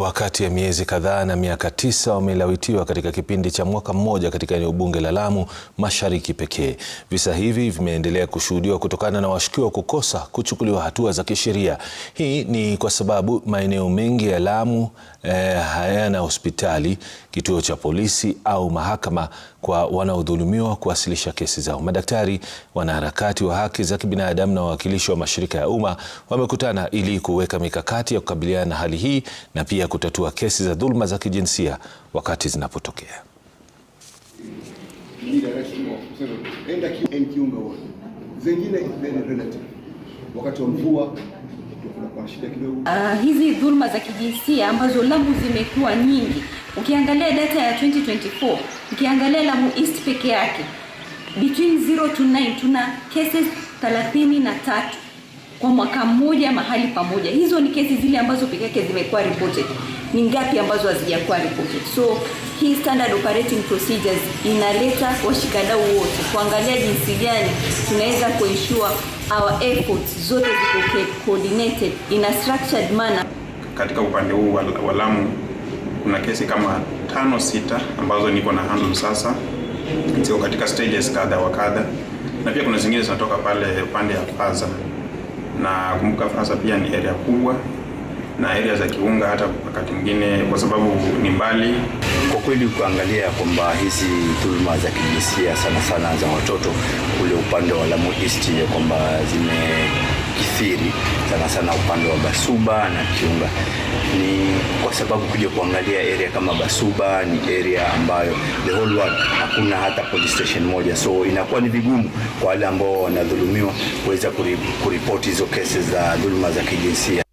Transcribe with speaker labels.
Speaker 1: Wakati ya miezi kadhaa na miaka tisa wamelawitiwa katika kipindi cha mwaka mmoja katika eneo bunge la Lamu Mashariki pekee. Visa hivi vimeendelea kushuhudiwa kutokana na washukiwa kukosa kuchukuliwa hatua za kisheria. Hii ni kwa sababu maeneo mengi ya Lamu eh, hayana hospitali, kituo cha polisi au mahakama kwa wanaodhulumiwa kuwasilisha kesi zao. Madaktari, wanaharakati wa haki za kibinadamu na wawakilishi wa mashirika ya umma wamekutana ili kuweka mikakati ya kukabiliana na hali hii na pia kutatua kesi za dhuluma za kijinsia wakati zinapotokea.
Speaker 2: Wakati wa mvua Uh, hizi dhuluma za kijinsia ambazo Lamu zimekuwa nyingi, ukiangalia data ya 2024 ukiangalia Lamu East peke yake between 0 to 9 tuna cases 33 kwa mwaka mmoja mahali pamoja. Hizo ni kesi zile ambazo peke yake zimekuwa reported. Ni ngapi ambazo hazijakuwa reported? So hii standard operating procedures inaleta washikadau wote kuangalia jinsi gani tunaweza kuensure our efforts zote ziko coordinated in a structured manner.
Speaker 3: Katika upande huu wa Lamu kuna kesi kama tano sita ambazo niko na handle sasa, ziko katika stages kadha wa kadha, na pia kuna zingine zinatoka pale upande ya Paza na kumbuka Fransa pia ni area kubwa na area za Kiunga hata wakati mwingine kwa sababu ni mbali.
Speaker 4: Kwa kweli kuangalia kwamba hizi dhuluma za kijinsia sana sana za watoto kule upande wa Lamu East kwamba zimekithiri sana sana upande wa Basuba na Kiunga ni kwa sababu kuja kuangalia area kama Basuba ni area ambayo the whole world hakuna hata police station moja, so inakuwa ni vigumu kwa wale ambao wanadhulumiwa kuweza kuripoti hizo kesi za dhuluma za kijinsia.